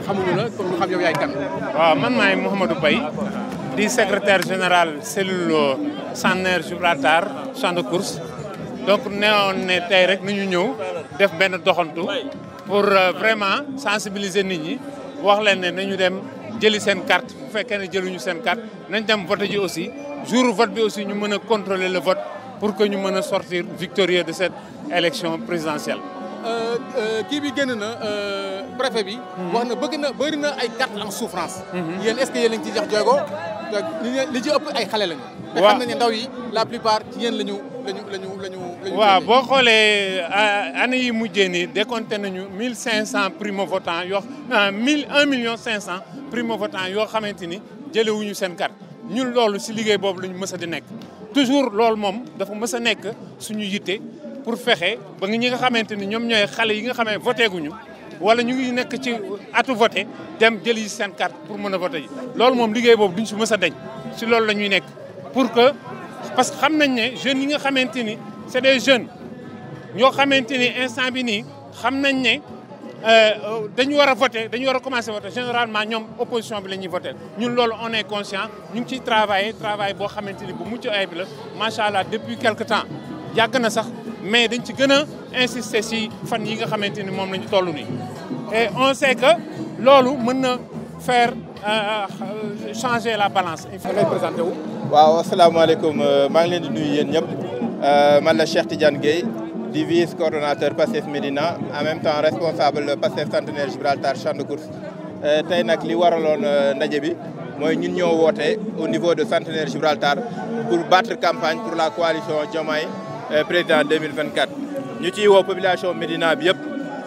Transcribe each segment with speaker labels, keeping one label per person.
Speaker 1: xamuñu la kon xam yow man maay Mouhamadou Bay di secrétaire général cellule Centenaire Gibraltar champ de course donc ne woon ne rek nu ñu ñëw def ben doxantu pour euh, vraiment sensibiliser nit ñi wax leen né nañu dem jëli sen carte bu fekkee ne jëluñu carte nañ dem vote ji aussi jour vote bi aussi ñu mëna contrôler le vote pour que ñu mëna sortir victorieux de cette élection présidentielle.
Speaker 2: Qui euh, euh, bi génn na préfet bi. wax na na souffrance. Mhm.
Speaker 1: est-ce que li ci ëpp ay lañu. la plupart ci yeen lañu lañu lañu lañu. waaw bo xolé euh, yi nañu primo primo votants carte ñun liggéey di toujours loolu moom dafa pour voté wala ñu ngi nekk ci atu voté dem jëli seen carte pour mën a voté yi loolu moom liggéey boobu duñ si mës a dañ si loolu la ñuy nekk pour que parce que xam nañ ne jeunes yi nga xamante ni c'est des jeunes ñoo xamante ni instant bi nii xam nañ ne euh, dañu war a voté dañu war a commencé voté généralement ñoom opposition bi la ñuy voté ñun loolu on est conscient ñu ngi ciy travaillé travail boo xamante ni bu mucc ayib la macha allah depuis quelque temps yàgg na sax mais dañ ci gën a insister si fan yi nga xamante ni moom la et on sait que l'OLU mën faire euh, changer la balance. Vous présenté wu.
Speaker 3: waaw asalaamaaleykum euh, maa ngi leen di nuyu yeen ñep euh, man la Cheikh Tidiane Gueye di vice coordonnateur passef Medina, en même temps responsable passef centenaire Gibraltar champ de course tey nag li waralon ndaje bi moy ñun ñoo woté au niveau de centenaire Gibraltar pour battre campagne pour la coalition Diomaye président 2024. Nous sommes la population Médina bi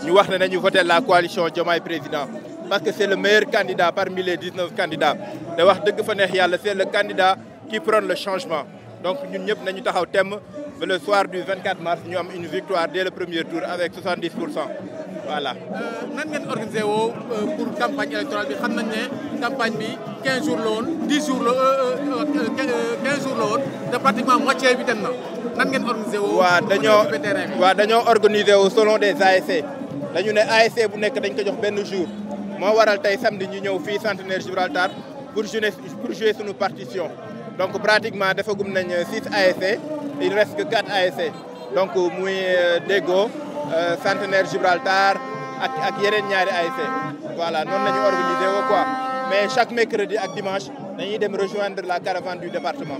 Speaker 3: Nous ñu voté la coalition et président parce que c'est le meilleur candidat parmi les 19 candidats c'est le candidat qui prend le changement donc nous avons nañu taxaw thème le soir du 24 mars nous avons une victoire dès le premier tour avec 70 Voilà. Euh, voilà. nan ngeen organisé pour euh, pour campagne électorale bi xam nañ campagne
Speaker 2: 15 jours longs, 10 jours longs, 15 jours la De euh, euh, pratiquement moitié bi
Speaker 3: nan ngeen organisé e. selon des ASC. Nous avons ASC bu nekk dañ ko jox jour moo waral samedi ñu ñëw centenaire Gibraltar pour jouer sur nos partitions. donc pratiquement y nañ 6 ASC il ne reste que 4 ASC donc nous euh, Déggo euh, centenaire Gibraltar ak Yeren ASC. voilà nous quoi mais chaque mercredi et dimanche nous allons rejoindre la caravane du département.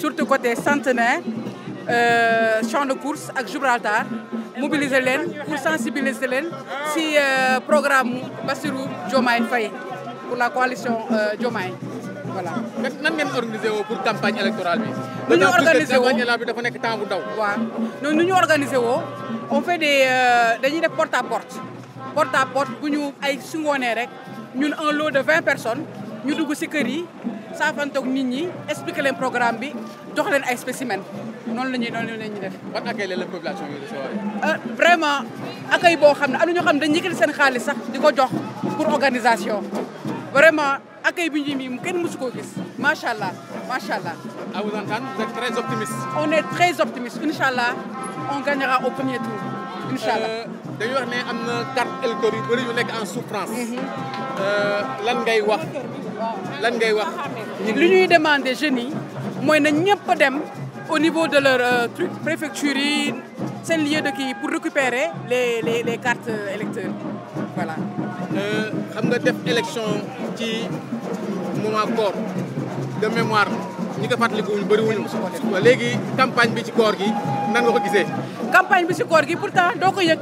Speaker 2: surtout côté centenaire euh, champ de course avec Gibraltar mobiliser les pour sensibiliser les si euh, programme sur Bassirou Diomaye pour la coalition euh, Diomaye voilà. Nous organisons organisé pour pour campagne électorale Nous nous organisons, organisé on fait des porte à porte porte à porte nous avons un lot de 20 personnes Nous nous saafantoog nit ñi expliquer leen programme bi jox leen ay spécimen noonu la ñuy noonu la ñuy def. ban accueil la la population yi recevoir. Euh, vraiment accueil boo xam ne am na ñoo xam ne dañu yëkkati seen xaalis sax di ko jox pour organisation vraiment accueil bi ñu nii kenn mësu koo gis macha allah macha allah. à vous entendre vous êtes très optimiste. on est très optimiste incha allah on gagnera au premier tour. incha euh, dañuy wax ne am na carte électeur yu bëri yu nekk en souffrance. Mhm. Euh, lan ngay wax lan ngay wax. li ñuy demander jeunes yi mooy na ñëpp dem au niveau de leur euh, truc préfecture yi seen lieu de kii pour récupérer les les les cartes électeurs voilà. xam nga def élection ci moment corps de mémoire. ñinga fatali ko ñu bari bëri wuñu légui campagne bi ci koor gi nan nga ko gisé campagne bi ci koor gi pourtant doo ko yëg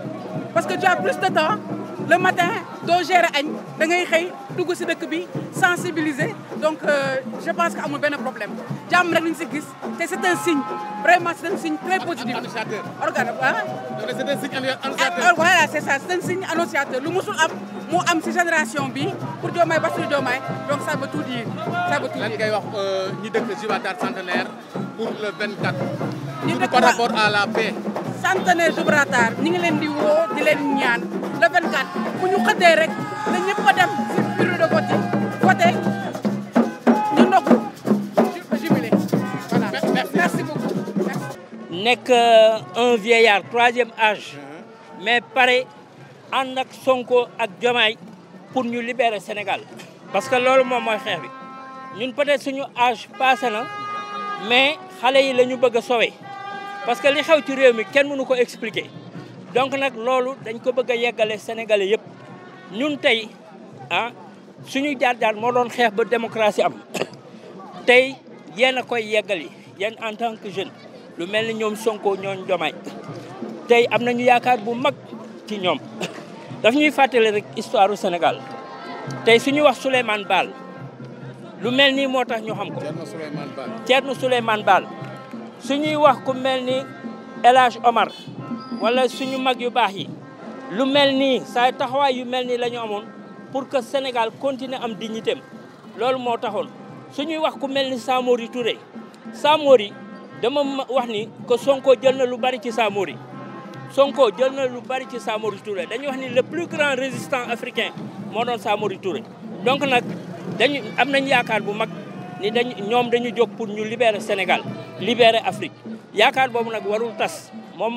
Speaker 2: parce que tu as plus de temps le matin. doo gérer añ da ngay xëy dugg si dëkk bi sensibiliser donc euh, je pense que amul benn problème jàmm rek lañ si gis te c' est un signe vraiment c' est un signe très positif. annonciateur organe ah. donc c' est un signe annonciateur. Ah, voilà c' est ça c' est un signe annonciateur lu musul am mu am si génération bi pour Diomaye Bassirou Diomaye donc ça veut tout dire ça veut tout dire. lan ngay wax euh, ñi dëkk Gibraltar centenaire pour le 24. ñu dëkk par rapport à la paix. centenaire Gibraltar ñi ngi leen di woo di leen ñaan le 24 bu ñu rek na ñëpp a dem si bureau de vote yi voté ñu ndogu jubilé voilà merci beaucoup
Speaker 4: nekk euh, un vieillard troisième âge mais pare ànd ak Sonko ak Diomaye pour ñu libérer Sénégal parce que loolu moom mooy xeex bi ñun peut-être suñu âge passé na mais xale yi la ñu bëgg a parce que li xew ci réew mi kenn mënu ko expliquer donc nag loolu dañ ko bëgg a yeggale sénégalais yëpp ñun tey a ah, suñuy jaar-jaar moo doon xeex ba démocratie am tey yéen koy yeggali yéen en tant que jeune lu mel ni ñoom Sonko ñooñ jomaay tey am nañu yaakaar bu mag ci ñoom daf ñuy fàttali rek histoire u Sénégal tey suñu wax Souleymane Baal lu mel nii moo tax ñu xam ko Thierno Souleymane Baal suñuy wax ku mel ni El Omar wala suñu mag yu bax yi lu melni say taxaway yu melni lañu amone pour que Sénégal continue am dignité am mo moo suñuy wax ku melni ni Samori Touré Samori dama wax ni que Sonko jël na lu bari ci Samori Sonko jël na lu bari ci Samori Touré dañuy wax ni le plus grand résistant africain moo doon Samori Touré donc nak dañu am nañ yaakaar bu mag ni dañ ñom dañu jóg pour ñu libérer Sénégal libérer Afrique yaakaar bobu nak warul tas mom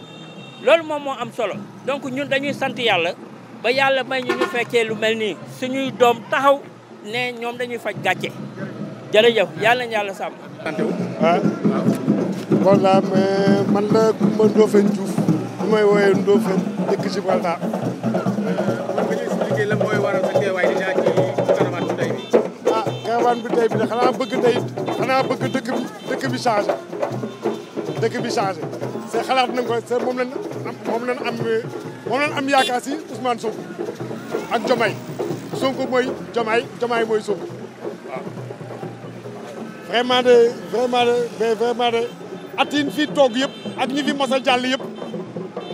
Speaker 4: loolu moom moo am solo donc ñun dañuy sant yàlla ba yàlla may ñu ñu fekkee lu mel nii suñuy doom taxaw ne ñoom dañuy faj gàcce jërëjëf yàlla na yàlla sàmm. waaw.
Speaker 5: Ah. Kolda man la Kumba Ndofène Diouf bu may woowee Ndofène dëkk ci Kolda. man bu tey bi. ah xanaa bëgg tey xanaa bëgg dëkk bi dëkk bi changé xalaat nañ ko c'est moom lañ. moom lañ am moom lañ am yaakaar si Ousmane Sonko ak Diomaye Sonko mooy Diomaye Diomaye mooy Sonko waaw vraiment de vraiment de vraiment de at yi fi toog yëpp ak ñi fi mos a jàll yëpp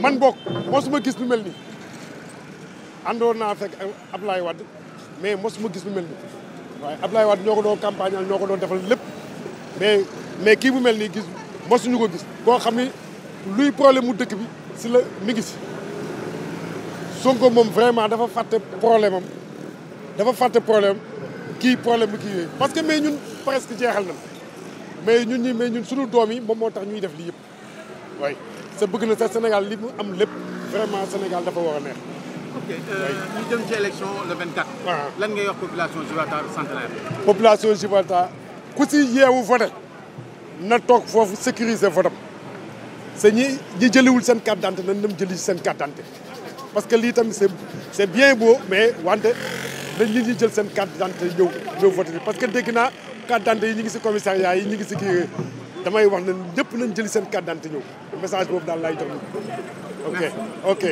Speaker 5: man bokk suma gis lu mel nii àndoon naa fekk Ablaye Wade mais suma gis lu mel nii waaye Ablaye Wade ñoo ko doon campagne al ñoo ko doon defal lépp mais mais kii bu mel nii gis mosuñu ko gis koo xam ni luy problème mu dëkk bi ci la mi ngi si Sonko moom vraiment dafa fàtte problème am dafa fàtte problème kii problème bi kii parce que mais ñun presque jeexal na mais ñun ñi mais ñun suñu doom yi moom moo tax ñuy def lii yëpp waaye sa bëgg na sa Sénégal li mu am lépp vraiment Sénégal dafa war a neex
Speaker 2: ok euh, ñu jëm ci élection le 24. Ah. lan ngay wax population Gibraltar centenaire
Speaker 5: population Gibraltar ku ci yeewu vote na toog foofu sécuriser votam se ñi ñi jëliwul seen carte d'identité nañ jëli seen carte parce que lii tamit c'est c'est bien boo mais wante nañ nit ñi jël seen carte d'identité ñëw ñëw voté parce que dégg naa carte d'identité yi ñu ngi si commissariat yi ñu ngi si kii damay wax ne ñëpp nañ jëli seen carte d'identité ñëw message boobu daal laay jox ok ok